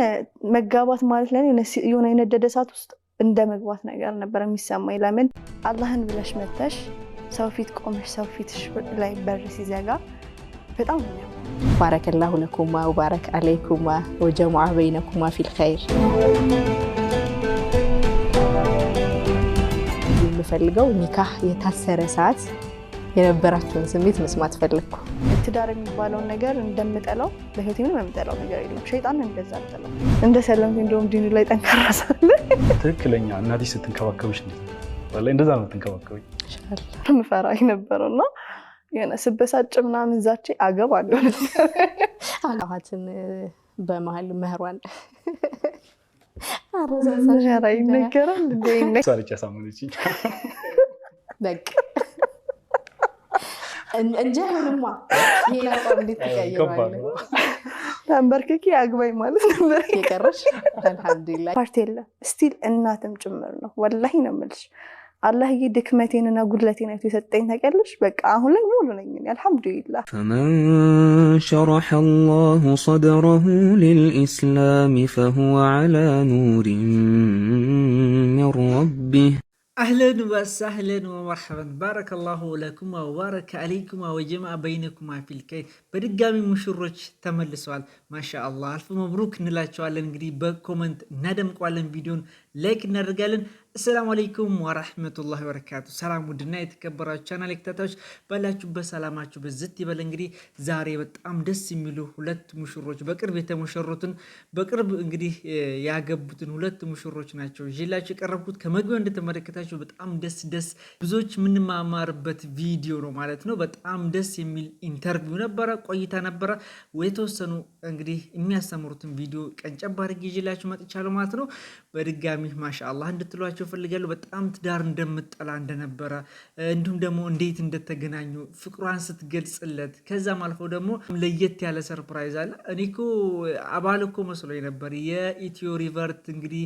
የሆነ መጋባት ማለት ለኔ የሆነ የነደደ እሳት ውስጥ እንደ መግባት ነገር ነበር የሚሰማኝ። ለምን አላህን ብለሽ መተሽ ሰው ፊት ቆመሽ ሰው ፊት ላይ በር ሲዘጋ በጣም ባረከላሁ ለኩማ ወባረክ አለይኩማ ወጀሙዐ በይነኩማ ፊል ኸይር። የምፈልገው ኒካህ የታሰረ ሰዓት የነበራቸውን ስሜት መስማት ፈለግኩ። ትዳር የሚባለውን ነገር እንደምጠላው በህይወት ምን የምጠላው ነገር የለም። ሸይጣን እንደዛ አልጠላም። እንደ ሰለም እንዲሁም ዲኑ ላይ ጠንካራ ሳለ ትክክለኛ እናቴ ስትንከባከብሽ እንደዛ ነው ትንከባከብኝ ምፈራ ነበረው እና የሆነ ስበሳጭ ምናምን ዛቼ አገብ አለ አጋፋትን በመሀል መህሯን አረዛዛራ ይነገራል። በቃ እንጀራ ንማ ተንበርክኬ አግባኝ ማለት ነበር የቀረሽ። አልሐምዱሊላህ ፓርቲ የለም ስቲል እናትም ጭምር ነው። ወላሂ ነው የምልሽ አላህዬ ድክመቴንና ጉድለቴን አይቶ የሰጠኝ ታውቂያለሽ። በቃ አሁን ላይ ሙሉ ነኝ አልሐምዱሊላህ። ፈመን ሸረሐ አላሁ ሰድረሁ ሊልኢስላሚ ፈሁወ ዐላ ኑሪን ሚን ረቢህ اهلا وسهلا ومرحبا بارك الله لكم وبارك عليكم وجمع بينكما في الكي بدقامي مشروج تمل سؤال ما شاء الله الف مبروك نلا شوال انجري بكومنت ندم قوالن فيديون ላይክ እናደርጋለን። አሰላሙ አለይኩም ወራህመቱላሂ ወበረካቱ። ሰላም ውድና የተከበራችሁ ቻናል ተከታታዮች ባላችሁበት ሰላማችሁ በዝት ይበል። እንግዲህ ዛሬ በጣም ደስ የሚሉ ሁለት ሙሽሮች በቅርብ የተሞሸሩትን በቅርብ እንግዲህ ያገቡትን ሁለት ሙሽሮች ናቸው ይዤላችሁ የቀረብኩት። ከመግቢያው እንደተመለከታችሁ በጣም ደስ ደስ ብዙዎች የምንማማርበት ቪዲዮ ነው ማለት ነው። በጣም ደስ የሚል ኢንተርቪው ነበረ፣ ቆይታ ነበረ። የተወሰኑ እንግዲህ የሚያስተምሩትን ቪዲዮ ቀንጨባር ይዤላችሁ መጥቻለሁ ማለት ነው በድጋሚ በድጋሚ ማሻአላህ እንድትሏቸው ፈልጋለሁ። በጣም ትዳር እንደምጠላ እንደነበረ እንዲሁም ደግሞ እንዴት እንደተገናኙ ፍቅሯን ስትገልጽለት፣ ከዛም አልፎ ደግሞ ለየት ያለ ሰርፕራይዝ አለ። እኔ እኮ አባል እኮ መስሎኝ ነበር የኢትዮ ሪቨርት እንግዲህ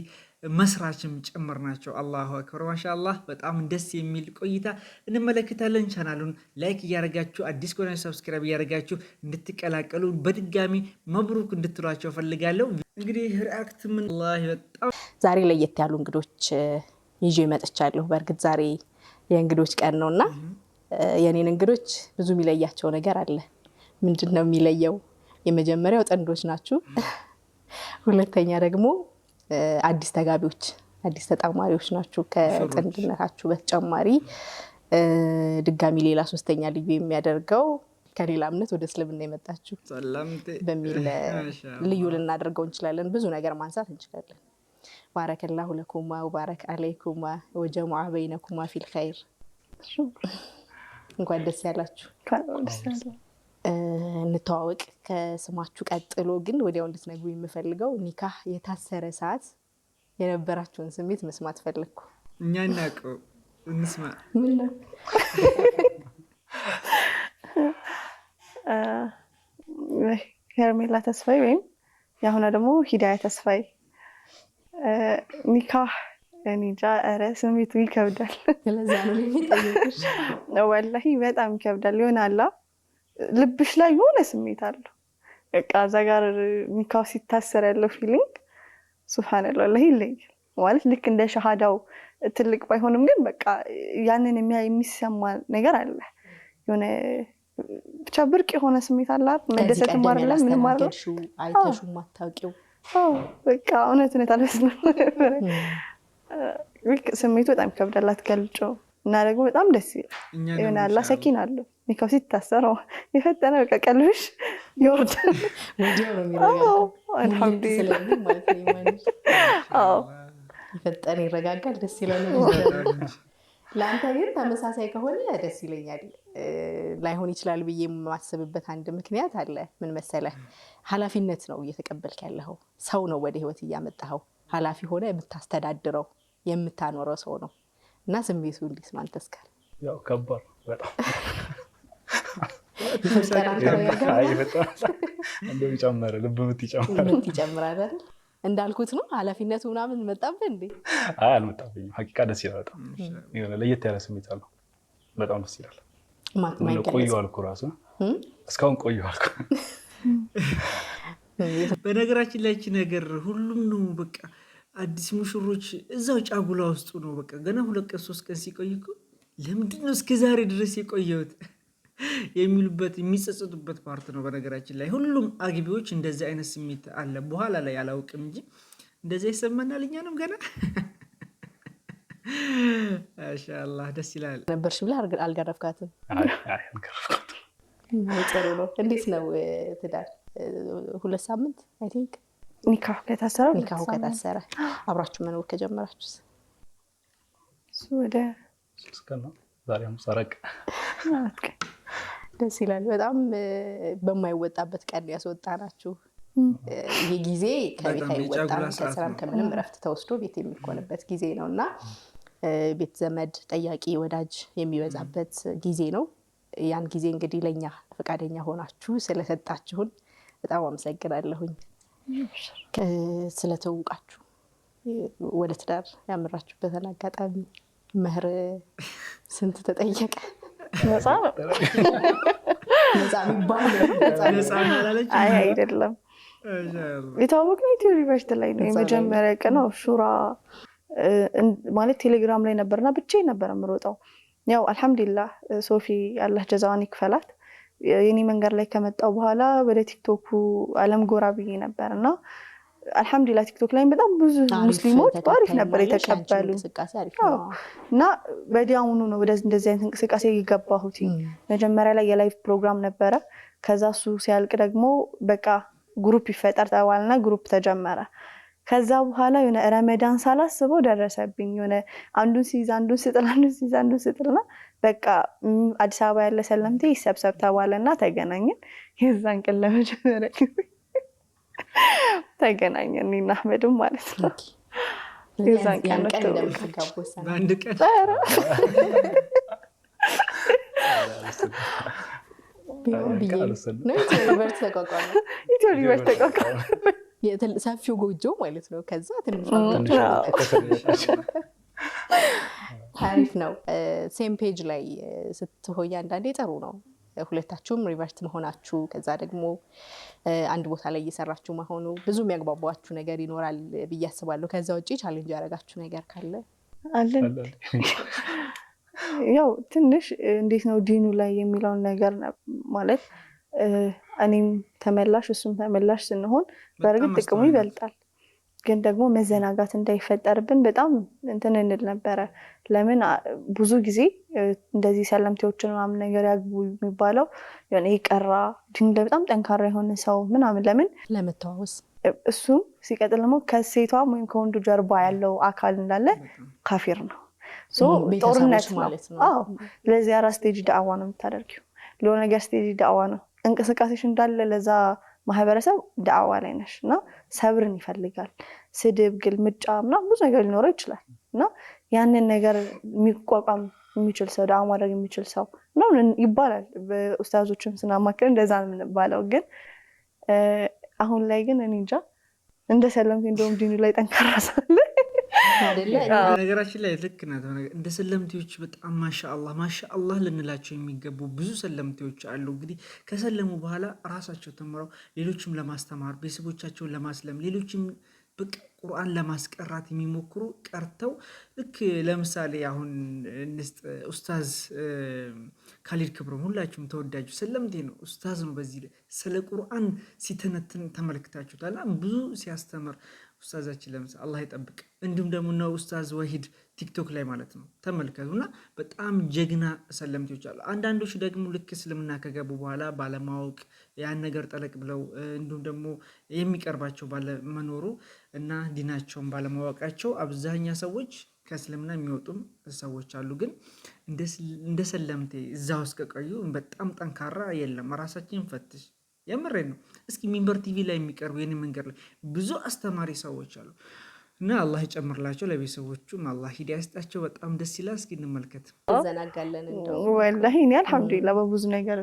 መስራችም ጭምር ናቸው። አላሁ አክበር ማሻአላህ። በጣም ደስ የሚል ቆይታ እንመለከታለን። ቻናሉን ላይክ እያደረጋችሁ አዲስ ከሆነ ሰብስክራይብ እያደረጋችሁ እንድትቀላቀሉ በድጋሚ መብሩክ እንድትሏቸው ፈልጋለሁ። እንግዲህ ሪአክት ምን በጣም ዛሬ ለየት ያሉ እንግዶች ይዤ መጥቻለሁ። በእርግጥ ዛሬ የእንግዶች ቀን ነው እና የእኔን እንግዶች ብዙ የሚለያቸው ነገር አለ። ምንድን ነው የሚለየው? የመጀመሪያው ጥንዶች ናችሁ። ሁለተኛ ደግሞ አዲስ ተጋቢዎች አዲስ ተጣማሪዎች ናችሁ። ከጥንድነታችሁ በተጨማሪ ድጋሚ ሌላ ሶስተኛ ልዩ የሚያደርገው ከሌላ እምነት ወደ እስልምና የመጣችሁ በሚል ልዩ ልናደርገው እንችላለን። ብዙ ነገር ማንሳት እንችላለን። ባረከላሁ ለኩማ ወባረክ አለይኩማ ወጀሙዐ በይነኩማ ፊል እንኳን ደስ ያላችሁ። እንተዋወቅ። ከስማችሁ ቀጥሎ ግን ወዲያው እንድትነግሩ የምፈልገው ኒካህ የታሰረ ሰዓት የነበራችሁን ስሜት መስማት ፈለግኩ። እኛ እናውቀው እንስማ። ሄርሜላ ተስፋዬ ወይም የአሁኗ ደግሞ ሂዳያ ተስፋይ ኒካህ እንጃ፣ ኧረ ስሜቱ ይከብዳል። ወላሂ በጣም ይከብዳል። ይሆናላ ልብሽ ላይ የሆነ ስሜት አለው። በቃ እዛ ጋር ኒካው ሲታሰር ያለው ፊሊንግ ሱብሃነላ ላይ ይለያል። ማለት ልክ እንደ ሸሃዳው ትልቅ ባይሆንም ግን በቃ ያንን የሚሰማ ነገር አለ። የሆነ ብቻ ብርቅ የሆነ ስሜት አላት። መደሰት ማለ ምን ማርለ አይተሹ ማታውቂው በቃ እውነት እውነት አልመስለም። ስሜቱ በጣም ይከብዳላት ገልጮ እና ደግሞ በጣም ደስ ይላል። ይሆናላ ሰኪን አለው ሜካፕ ሲታሰረው የፈጠነ በቃ ቀልብሽ ይወርዳል። ይፈጠነ ይረጋጋል። ደስ ይላል። ለአንተ ግን ተመሳሳይ ከሆነ ደስ ይለኛል። ላይሆን ይችላል ብዬ የማስብበት አንድ ምክንያት አለ። ምን መሰለህ፣ ኃላፊነት ነው እየተቀበልክ ያለኸው ሰው ነው ወደ ህይወት እያመጣኸው ኃላፊ ሆነ የምታስተዳድረው የምታኖረው ሰው ነው እና ስሜቱ ሊስማል ተስካል ያው ከባድ በጣም ልብ ምት ይጨምራል። እንዳልኩት ነው ኃላፊነቱ ምናምን መጣብህ እንዴ? አይ አልመጣብኝም። ሀቂቃ ደስ ይላል። በጣም የሆነ ለየት ያለ ስሜት አለው። በጣም ደስ ይላል። ቆየሁ አልኩ ራሱ እስካሁን አልኩ። በነገራችን ነገር ሁሉም ነው በቃ አዲስ ሙሽሮች እዛው ጫጉላ ውስጡ ነው። በቃ ገና ሁለት ቀን ሶስት ቀን ሲቆይ እኮ ለምንድን ነው እስከ ዛሬ ድረስ የቆየሁት የሚሉበት የሚጸጸጡበት ፓርት ነው። በነገራችን ላይ ሁሉም አግቢዎች እንደዚህ አይነት ስሜት አለ። በኋላ ላይ አላውቅም እንጂ እንደዚያ ይሰማናል። እኛንም ገና ማሻላ ደስ ይላል። ነበር ብላ አልገረፍካትም? ጥሩ ነው። እንዴት ነው ትዳር? ሁለት ሳምንት አይ ቲንክ ኒካሁ ከታሰረ ኒካሁ ከታሰረ አብራችሁ መኖር ከጀመራችሁ ወደ ደስ ይላል። በጣም በማይወጣበት ቀን ያስወጣናችሁ ይህ ጊዜ ከቤት አይወጣም፣ ከስራም ከምንም እረፍት ተወስዶ ቤት የሚኮንበት ጊዜ ነው እና ቤት ዘመድ ጠያቂ ወዳጅ የሚበዛበት ጊዜ ነው። ያን ጊዜ እንግዲህ ለእኛ ፈቃደኛ ሆናችሁ ስለሰጣችሁን በጣም አመሰግናለሁኝ። ስለተውቃችሁ ወደ ትዳር ያመራችሁበትን አጋጣሚ መህር ስንት ተጠየቀ? ነፃ ነው አይደለም። የታወቅ ነው። ኢትዮ ዩኒቨርሲቲ ላይ ነው የመጀመሪያ ቀን ነው ሹራ ማለት ቴሌግራም ላይ ነበርና ብቻ ነበረ የምሮጠው። ያው አልሐምዱሊላህ ሶፊ አላህ ጀዛዋን ይክፈላት የኔ መንገድ ላይ ከመጣው በኋላ ወደ ቲክቶኩ አለም ጎራ ብዬ ነበር እና አልሐምዱላ ቲክቶክ ላይ በጣም ብዙ ሙስሊሞች አሪፍ ነበር የተቀበሉ እና በዲያውኑ ነው እንደዚህ አይነት እንቅስቃሴ የገባሁት። መጀመሪያ ላይ የላይቭ ፕሮግራም ነበረ። ከዛ እሱ ሲያልቅ ደግሞ በቃ ግሩፕ ይፈጠር ተባልና ግሩፕ ተጀመረ። ከዛ በኋላ የሆነ ረመዳን ሳላስበው ደረሰብኝ። የሆነ አንዱን ሲይዝ አንዱን ስጥል፣ አንዱን ሲይዝ አንዱን ስጥልና በቃ አዲስ አበባ ያለ ሰለምቴ ይሰብሰብ ተባለ ተባለና ተገናኘን። የዛን ቀን ለመጀመሪያ ጊዜ ተገናኘን እኔና አህመድም ማለት ነው። የዛን ቀን ኢትዮ ዩኒቨርሲቲ ተቋቋመ። ሰፊው ጎጆ ማለት ነው። ከዛ ትንሽ አሪፍ ነው። ሴም ፔጅ ላይ ስትሆኝ አንዳንዴ ጥሩ ነው። ሁለታችሁም ሪቨርት መሆናችሁ ከዛ ደግሞ አንድ ቦታ ላይ እየሰራችሁ መሆኑ ብዙ የሚያግባባችሁ ነገር ይኖራል ብዬ አስባለሁ። ከዛ ውጭ ቻሌንጅ ያደረጋችሁ ነገር ካለ አለን? ያው ትንሽ እንዴት ነው ዲኑ ላይ የሚለውን ነገር ማለት እኔም ተመላሽ እሱም ተመላሽ ስንሆን በእርግጥ ጥቅሙ ይበልጣል። ግን ደግሞ መዘናጋት እንዳይፈጠርብን በጣም እንትን እንል ነበረ። ለምን ብዙ ጊዜ እንደዚህ ሰለምቴዎችን ምናምን ነገር ያግቡ የሚባለው ሆነ የቀራ ድንጋይ በጣም ጠንካራ የሆነ ሰው ምናምን ለምን ለመተዋወስ እሱም ሲቀጥል ደግሞ ከሴቷም ወይም ከወንዱ ጀርባ ያለው አካል እንዳለ ካፊር ነው፣ ጦርነት ነው። ስለዚህ አራት ስቴጅ ዳዕዋ ነው የምታደርጊው ለሆነ ነገር ስቴጅ ዳዕዋ ነው እንቅስቃሴሽ እንዳለ ለዛ ማህበረሰብ ዳዕዋ ላይ ነሽ እና ሰብርን ይፈልጋል። ስድብ፣ ግልምጫ ምናምን ብዙ ነገር ሊኖረው ይችላል እና ያንን ነገር የሚቋቋም የሚችል ሰው ዳዕዋ ማድረግ የሚችል ሰው ምናምን ይባላል። ኡስታዞችን ስናማክል እንደዛ ነው የምንባለው። ግን አሁን ላይ ግን እኔ እንጃ እንደ ሰለምቴ እንደውም ዲኑ ላይ ጠንካራ ሳለ ነገራችን ላይ ልክ ናት። እንደ ሰለምቴዎች በጣም ማሻአላህ ማሻአላህ ልንላቸው የሚገቡ ብዙ ሰለምቴዎች አሉ። እንግዲህ ከሰለሙ በኋላ ራሳቸው ተምረው ሌሎችም ለማስተማር ቤተሰቦቻቸውን ለማስለም ሌሎችም ብቅ ቁርአን ለማስቀራት የሚሞክሩ ቀርተው ልክ ለምሳሌ አሁን እንስጥ ኡስታዝ ካሊድ ክብሮም ሁላችሁም ተወዳጁ ሰለምቴ ነው፣ ኡስታዝ ነው። በዚህ ስለ ቁርአን ሲተነትን ተመልክታችሁታል። ብዙ ሲያስተምር ኡስታዛችን ለምሳ አላህ ይጠብቅ። እንዲሁም ደግሞ ነው ኡስታዝ ወሂድ ቲክቶክ ላይ ማለት ነው ተመልከቱና፣ በጣም ጀግና ሰለምቶች አሉ። አንዳንዶች ደግሞ ልክ እስልምና ከገቡ በኋላ ባለማወቅ ያን ነገር ጠለቅ ብለው እንዲሁም ደግሞ የሚቀርባቸው ባለመኖሩ እና ዲናቸውን ባለማወቃቸው አብዛኛ ሰዎች ከእስልምና የሚወጡም ሰዎች አሉ። ግን እንደ ሰለምቴ እዛ ውስጥ ከቀዩ በጣም ጠንካራ የለም። ራሳችን ፈትሽ የምሬ ነው። እስኪ ሚንበር ቲቪ ላይ የሚቀርቡ የኔ መንገድ ላይ ብዙ አስተማሪ ሰዎች አሉ እና አላህ ይጨምርላቸው፣ ለቤተሰቦቹም አላህ ሂዳያ ይስጣቸው። በጣም ደስ ይላል። እስኪ እንመልከት። ዘናጋለን ወላሂ እኔ በብዙ ነገር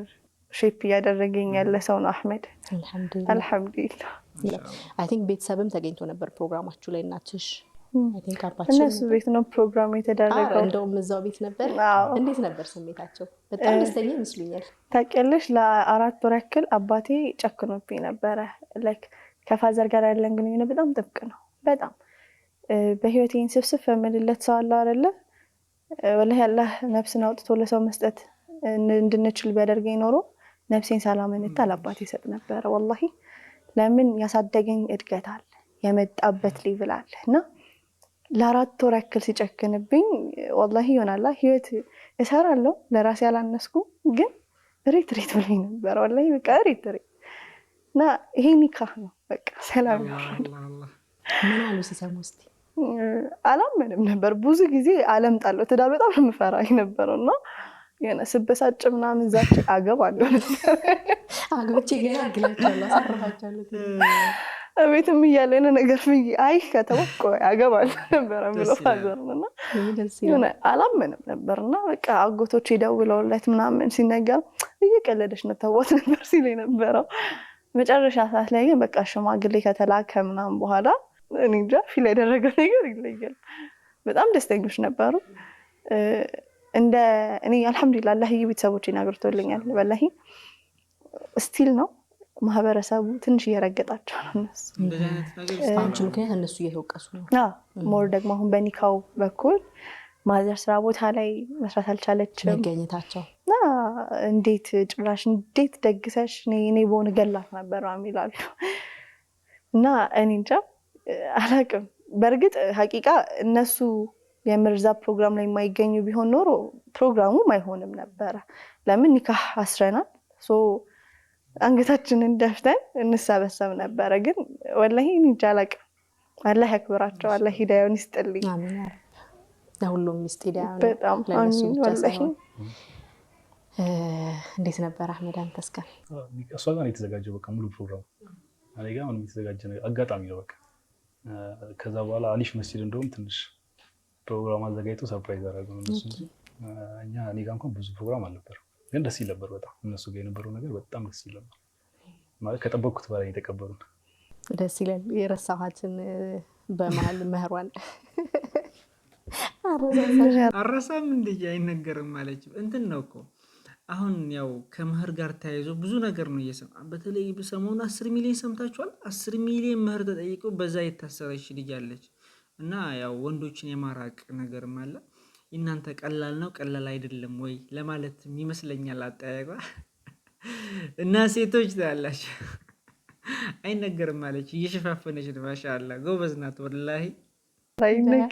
ሼፕ እያደረገኝ ያለ ሰው ነው አህመድ። አልሐምዱሊላ አይ ቲንክ ቤተሰብም ተገኝቶ ነበር ፕሮግራማችሁ ላይ እናትሽ Hmm. እነሱ ቤት ነው ፕሮግራሙ የተደረገው። እንደውም እዛው ቤት ነበር። እንዴት ነበር ስሜታቸው? በጣም ደስተኛ ይመስሉኛል። ታውቂያለሽ፣ ለአራት ወር ያክል አባቴ ጨክኖብኝ ነበረ። ላይክ ከፋዘር ጋር ያለን ግንኙነት በጣም ጥብቅ ነው። በጣም በህይወቴን ስብስብ በምልለት ሰው አለ አይደለ? ወላሂ አላህ ነፍስን አውጥቶ ለሰው መስጠት እንድንችል ቢያደርገኝ ኖሮ ነፍሴን ሳላመንታ ለአባቴ ይሰጥ ነበረ። ወላ ለምን ያሳደገኝ እድገት አለ የመጣበት ሊብል አለ እና ለአራት ወር ያክል ሲጨክንብኝ ወላሂ ይሆናላ ህይወት እሰራለሁ ለራሴ ያላነስኩ ግን ሬት ሬት ብሎኝ ነበር። ወላሂ በቃ ሬት ሬት እና ይሄ ኒካህ ነው። በቃ ሰላም ያወራል። ምን አላመንም ነበር ብዙ ጊዜ አለምጣለሁ። ትዳር በጣም የምፈራ የነበረው እና የሆነ ስበሳጭ ምናምን ዛች አገባለሁ አግብቼ ገና ግላቸ እቤትም እያለ የሆነ ነገር ብዬ አይ ከተወቆ ያገባል ነበረ ብሎ ፋዘርና አላመንም ነበር እና በቃ አጎቶች ደውለውለት ምናምን ሲነገር እየቀለደች ነው ተዋት ነበር ሲል የነበረው። መጨረሻ ሰዓት ላይ ግን በቃ ሽማግሌ ከተላከ ምናምን በኋላ እኔ እንጃ ፊል ያደረገ ነገር ይለያል። በጣም ደስተኞች ነበሩ። እንደ እኔ አልሐምዱሊላህ ቤተሰቦች ይናገርቶልኛል። በላ ስቲል ነው ማህበረሰቡ ትንሽ እየረገጣቸው ነው። እነሱ በአንቺ ምክንያት እነሱ እየተወቀሱ ነው። ሞር ደግሞ አሁን በኒካው በኩል ማዘር ስራ ቦታ ላይ መስራት አልቻለችም። መገኘታቸው እንዴት ጭራሽ እንዴት ደግሰሽ እኔ በሆን ገላት ነበር ይላሉ እና እኔ እንጃ አላቅም። በእርግጥ ሀቂቃ እነሱ የምርዛ ፕሮግራም ላይ የማይገኙ ቢሆን ኖሮ ፕሮግራሙም አይሆንም ነበረ። ለምን ኒካህ አስረናል አንገታችንን ደፍተን እንሰበሰብ ነበረ። ግን ወላሂ እንጃ አላቅም። አላህ ያክብራቸው፣ አላህ ሂዳያውን ይስጥልኝ። ለሁሉም ሚስት ሂዳያ በጣም አሚን። ወላሂ እንዴት ነበር አህመዳን አንተ? እስከ እሷ ጋር የተዘጋጀው በቃ ሙሉ ፕሮግራም እኔ ጋር ምንም የተዘጋጀ አጋጣሚ ነው በቃ። ከዛ በኋላ አሊሽ መስጂድ እንደውም ትንሽ ፕሮግራም አዘጋጅተው ሰርፕራይዝ አደረገ። እኛ እኔ ጋር እንኳን ብዙ ፕሮግራም አልነበረም ግን ደስ ይል ነበር በጣም እነሱ ጋር የነበረው ነገር በጣም ደስ ይል ነበር። ማለት ከጠበቅኩት በላይ የተቀበሉ ደስ ይላል። የረሳኋትን በመሀል መህሯን አረሳም እንድዬ አይነገርም ማለች እንትን ነው እኮ አሁን ያው ከመህር ጋር ተያይዞ ብዙ ነገር ነው እየሰማ በተለይ ሰሞኑ አስር ሚሊዮን ሰምታችኋል። አስር ሚሊዮን መህር ተጠይቀው በዛ የታሰረች ልጅ አለች እና ያው ወንዶችን የማራቅ ነገርም አለ እናንተ ቀላል ነው ቀላል አይደለም ወይ ለማለት ይመስለኛል አጠያየቋ። እና ሴቶች ታላችሁ አይነገርም አለች እየሸፋፈነች ነው። ማሻአላ ጎበዝ ናት ወላሂ። አይ ነፃ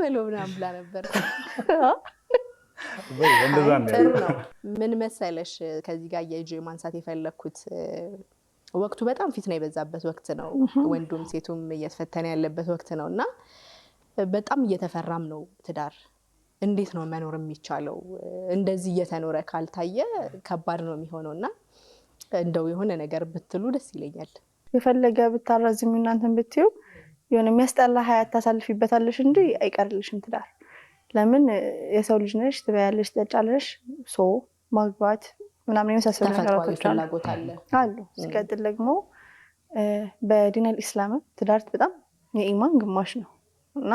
በለው ምናምን ብላ ነበር። ምን መሰለሽ ከዚህ ጋር የእጅ ማንሳት የፈለግኩት ወቅቱ በጣም ፊትና የበዛበት ወቅት ነው። ወንዱም ሴቱም እየተፈተነ ያለበት ወቅት ነው እና በጣም እየተፈራም ነው ትዳር። እንዴት ነው መኖር የሚቻለው? እንደዚህ እየተኖረ ካልታየ ከባድ ነው የሚሆነው እና እንደው የሆነ ነገር ብትሉ ደስ ይለኛል። የፈለገ ብታራዝሚ እናንተን ብትዩ የሆነ የሚያስጠላ ሀያት ታሳልፊበታለሽ እንጂ አይቀርልሽም ትዳር። ለምን የሰው ልጅ ነሽ፣ ትበያለሽ፣ ትጠጫለሽ። ሶ ማግባት ምናምን የመሳሰሉ ነገሮች አሉ። ሲቀጥል ደግሞ በዲነል ኢስላምም ትዳርት በጣም የኢማን ግማሽ ነው እና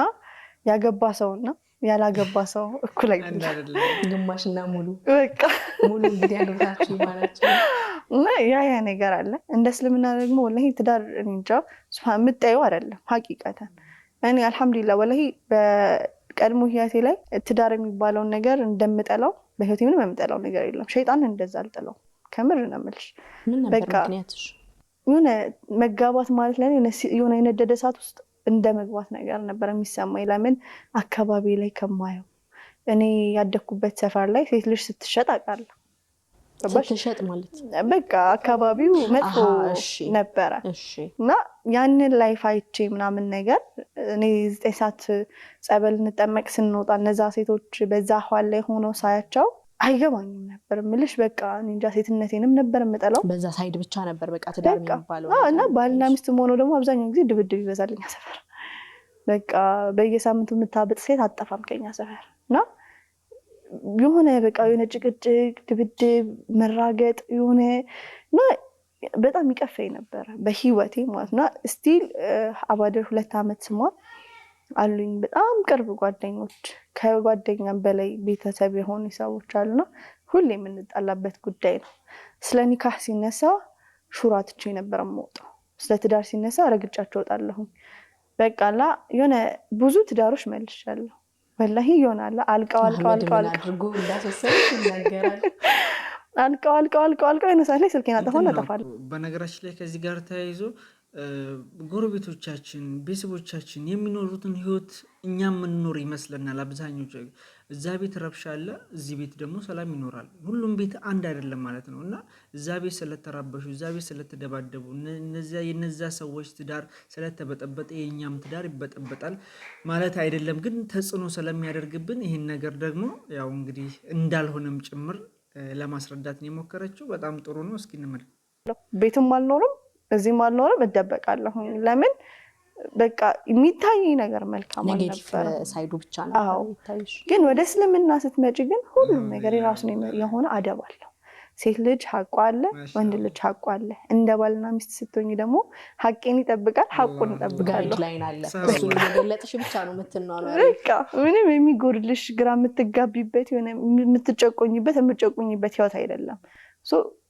ያገባ ሰው እና ያላገባ ሰው እኩል ግማሽና ሙሉ በቃ ሙሉ እንግዲህ ያኖራችሁ ይማራችሁ እና ያ ያ ነገር አለ። እንደ እስልምና ደግሞ ወላ ትዳር እንጃ የምታየው አይደለም ሀቂቀተን እኔ አልሐምዱሊላ ወላ በቀድሞ ህያቴ ላይ ትዳር የሚባለውን ነገር እንደምጠላው በህይወቴ ምንም የምጠላው ነገር የለም። ሸይጣን እንደዛ አልጠላው ከምር ነው የምልሽ። በቃ የሆነ መጋባት ማለት ለኔ የሆነ የነደደ እሳት ውስጥ እንደ መግባት ነገር ነበር የሚሰማኝ። ለምን አካባቢ ላይ ከማየው እኔ ያደግኩበት ሰፈር ላይ ሴት ልጅ ስትሸጥ አውቃለሁ ስትሸጥ ማለት በቃ አካባቢው መጥፎ ነበረ እና ያንን ላይፍ አይቼ ምናምን ነገር እኔ ዘጠኝ ሰዓት ጸበል እንጠመቅ ስንወጣ እነዛ ሴቶች በዛ ኋል ላይ ሆነው ሳያቸው አይገባኝም ነበር ምልሽ በቃ እንጃ ሴትነቴንም ነበር የምጠላው። በዛ ሳይድ ብቻ ነበር በቃ ትዳር የሚባለው እና ባልና ሚስት ሆነ ደግሞ አብዛኛው ጊዜ ድብድብ ይበዛልኛ ሰፈር በቃ በየሳምንቱ የምታብጥ ሴት አጠፋም ከኛ ሰፈር እና የሆነ በቃ የሆነ ጭቅጭቅ፣ ድብድብ፣ መራገጥ የሆነ እና በጣም ይቀፈኝ ነበረ በህይወቴ ማለት እና ስቲል አባደር ሁለት ዓመት ስሟል አሉኝ በጣም ቅርብ ጓደኞች ከጓደኛም በላይ ቤተሰብ የሆኑ ሰዎች አሉና ሁሌ የምንጣላበት ጉዳይ ነው። ስለ ኒካህ ሲነሳ ሹራ ትቼ ነበረ የምወጣው። ስለ ትዳር ሲነሳ ረግጫቸው ወጣለሁኝ። በቃላ የሆነ ብዙ ትዳሮች መልሻለሁ ወላሂ ይሆናል። አልቀው አልቀው አልቀው አልቀው አልቀው አልቀው አልቀው አልቀው የሆነ ሰዓት ላይ ስልኬን አጠፋለሁ አጠፋለሁ። በነገራችን ላይ ከዚህ ጋር ተያይዞ ጎረቤቶቻችን፣ ቤተሰቦቻችን የሚኖሩትን ህይወት እኛ የምንኖር ይመስለናል አብዛኞቹ እዛ ቤት ረብሻ አለ፣ እዚህ ቤት ደግሞ ሰላም ይኖራል። ሁሉም ቤት አንድ አይደለም ማለት ነው እና እዛ ቤት ስለተራበሹ፣ እዛ ቤት ስለተደባደቡ፣ የነዛ ሰዎች ትዳር ስለተበጠበጠ የእኛም ትዳር ይበጠበጣል ማለት አይደለም። ግን ተጽዕኖ ስለሚያደርግብን ይህን ነገር ደግሞ ያው እንግዲህ እንዳልሆነም ጭምር ለማስረዳት ነው የሞከረችው። በጣም ጥሩ ነው። እስኪ እንመልከት። ቤትም አልኖርም፣ እዚህም አልኖርም፣ እደበቃለሁ ለምን በቃ የሚታይ ነገር መልካም ሳይዱ ብቻ ነው። ግን ወደ እስልምና ስትመጪ ግን ሁሉም ነገር የራሱ የሆነ አደብ አለው። ሴት ልጅ ሀቁ አለ፣ ወንድ ልጅ ሀቁ አለ። እንደ ባልና ሚስት ስትሆኝ ደግሞ ሀቄን ይጠብቃል፣ ሀቁን ይጠብቃለሁ። ምንም የሚጎድልሽ ግራ የምትጋቢበት የሆነ የምትጨቆኝበት የምትጨቆኝበት ህይወት አይደለም።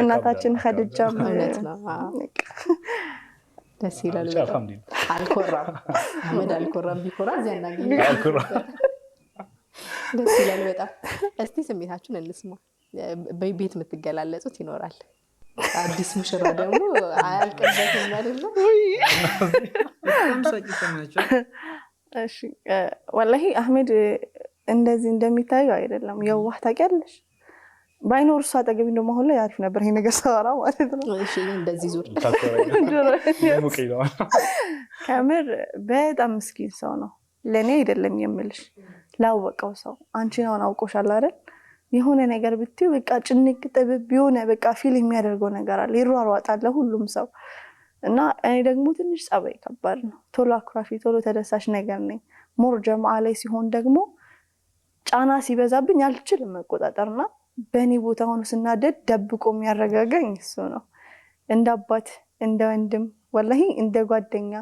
እናታችን ከድጃም ደስ ይላል። አልኮራም አልኮራም። ቢኮራ እዚያ ደስ ይላል በጣም። እስቲ ስሜታችሁን እንስማ። በቤት የምትገላለጹት ይኖራል። አዲስ ሙሽራ ደግሞ አያልቅበትም አይደለም። ወላሂ አህመድ እንደዚህ እንደሚታዩ አይደለም። የዋህ ታውቂያለሽ ባይኖር እሱ አጠገቢ እንደውም አሁን ላይ አሪፍ ነበር ይሄ ነገር ሰራ ማለት ነው። እንደዚህ ዙር ከምር በጣም ምስኪን ሰው ነው። ለእኔ አይደለም የምልሽ ላወቀው ሰው አንቺን አሁን አውቆሻል አይደል? የሆነ ነገር ብትይው በቃ ጭንቅ ጥብብ የሆነ በቃ ፊል የሚያደርገው ነገር አለ። ይሯሯጣል ሁሉም ሰው እና እኔ ደግሞ ትንሽ ጸባይ ከባድ ነው። ቶሎ አኩራፊ፣ ቶሎ ተደሳሽ ነገር ነኝ። ሞር ጀማአ ላይ ሲሆን ደግሞ ጫና ሲበዛብኝ አልችልም መቆጣጠርና በእኔ ቦታ ሆኖ ስናደድ ደብቆ የሚያረጋጋኝ እሱ ነው። እንደ አባት፣ እንደ ወንድም ወላሂ እንደ ጓደኛ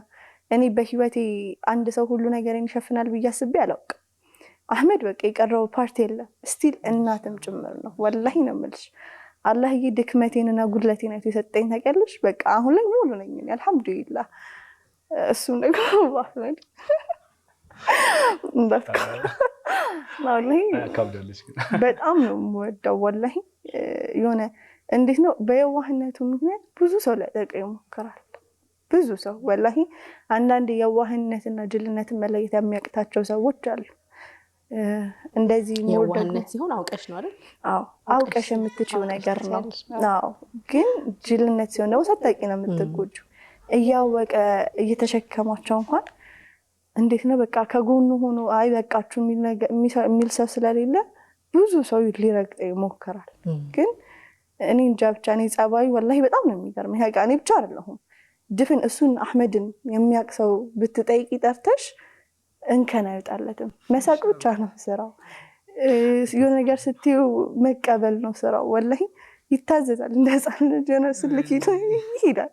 እኔ በህይወቴ አንድ ሰው ሁሉ ነገር ይሸፍናል ብዬ አስቤ አላውቅም። አህመድ በቃ የቀረው ፓርቲ የለም። ስቲል እናትም ጭምር ነው። ወላሂ ነው የምልሽ። አላህዬ ድክመቴንና ጉድለቴን አይቶ የሰጠኝ ታውቂያለሽ። በቃ አሁን ላይ ሙሉ ነኝ። አልሐምዱሊላህ እሱ አህመድ በጣም ነው የምወደው። ወላሂ የሆነ እንዴት ነው በየዋህነቱ ምክንያት ብዙ ሰው ሊያጠቀው ይሞክራል። ብዙ ሰው ወላሂ አንዳንድ የዋህነትና ጅልነትን መለየት የሚያቅታቸው ሰዎች አሉ። እንደዚህ የዋህነት ሲሆን አውቀሽ ነው አይደል? አዎ አውቀሽ የምትችው ነገር ነው። አዎ ግን ጅልነት ሲሆን ደግሞ ሳታውቂ ነው የምትጎጁ። እያወቀ እየተሸከማቸው እንኳን እንዴት ነው በቃ ከጎኑ ሆኖ አይ በቃችሁ የሚል ሰው ስለሌለ ብዙ ሰው ሊረግጥ ይሞክራል። ግን እኔ እንጃ ብቻ እኔ ጸባዩ ወላሂ በጣም ነው የሚገርም። ሀቃ እኔ ብቻ አይደለሁም ድፍን እሱን አህመድን የሚያውቅ ሰው ብትጠይቂ ጠርተሽ እንከን አይወጣለትም። መሳቅ ብቻ ነው ስራው። የሆነ ነገር ስትዩ መቀበል ነው ስራው። ወላሂ ይታዘዛል። እንደ ህፃን ልጅ የሆነ ስልክ ይሄዳል።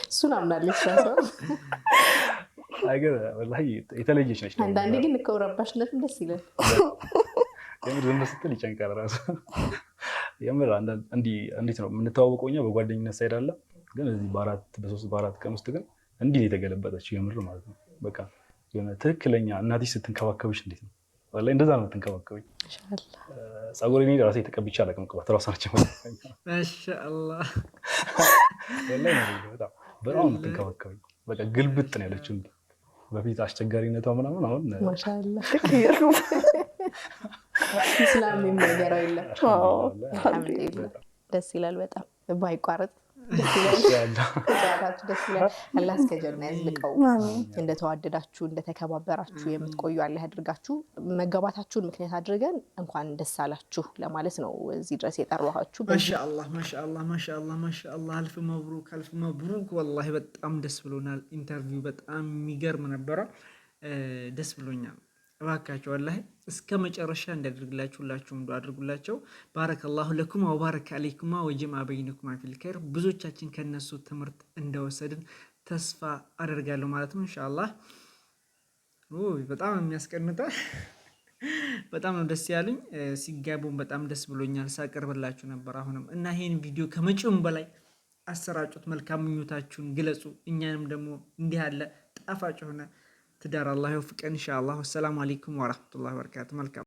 እሱን አምናለች። የተለየች ነች። አንዳንዴ ግን ከውረባሽነትም ደስ ይላል። የምር ዝም ስትል ይጨንቃል ራሱ። የምር እንዴት ነው የምንተዋወቀው እኛ በጓደኝነት ሳይድ አለ፣ ግን እዚህ በአራት በሶስት በአራት ቀን ውስጥ ግን እንዲህ የተገለበጠችው የምር ማለት ነው። በቃ የሆነ ትክክለኛ እናትሽ ስትንከባከብሽ እንዴት ነው ላይ እንደዛ ነው የምትንከባከብኝ። ፀጉር ኔ ራሴ ተቀብቼ አላውቅም። ቅባት ራሷ ነች። ማሻአላህ በጣም በጣም የምትንከባከበኝ በቃ ግልብጥ ነው ያለችው። በፊት አስቸጋሪነቷ ምናምን አሁን ማሻላ ስላም የሚያገራው የለም። ደስ ይላል በጣም ባይቋረጥ ደስ ይላል። አላህ እስከ ጀና ያዝልቀው። እንደተዋደዳችሁ እንደተከባበራችሁ የምትቆዩ አላህ ያድርጋችሁ። መገባታችሁን ምክንያት አድርገን እንኳን ደስ አላችሁ ለማለት ነው እዚህ ድረስ የጠራኋችሁ። ማሻአላህ ማሻአላህ ማሻአላህ ማሻአላህ። አልፍ መብሩክ አልፍ መብሩክ። ወላሂ በጣም ደስ ብሎናል። ኢንተርቪው በጣም የሚገርም ነበረ። ደስ ብሎኛል። እባካቸው አላህ እስከ መጨረሻ እንዲያደርግላቸው ሁላችሁም ዱዓ አድርጉላቸው። ባረከላሁ ለኩማ ወባረከ አለይኩማ ወጀምዐ በይነኩማ ፊል ብዙዎቻችን ከነሱ ትምህርት እንደወሰድን ተስፋ አደርጋለሁ ማለት ነው ኢንሻአላህ። በጣም የሚያስቀንጠ በጣም ነው ደስ ያሉኝ። ሲጋቡም በጣም ደስ ብሎኛል። ሳቀርብላችሁ ነበር። አሁንም እና ይህን ቪዲዮ ከመጪውም በላይ አሰራጩት፣ መልካም ምኞታችሁን ግለጹ። እኛንም ደግሞ እንዲህ ያለ ጣፋጭ የሆነ تدار الله يوفقك ان شاء الله والسلام عليكم ورحمه الله وبركاته ملكم.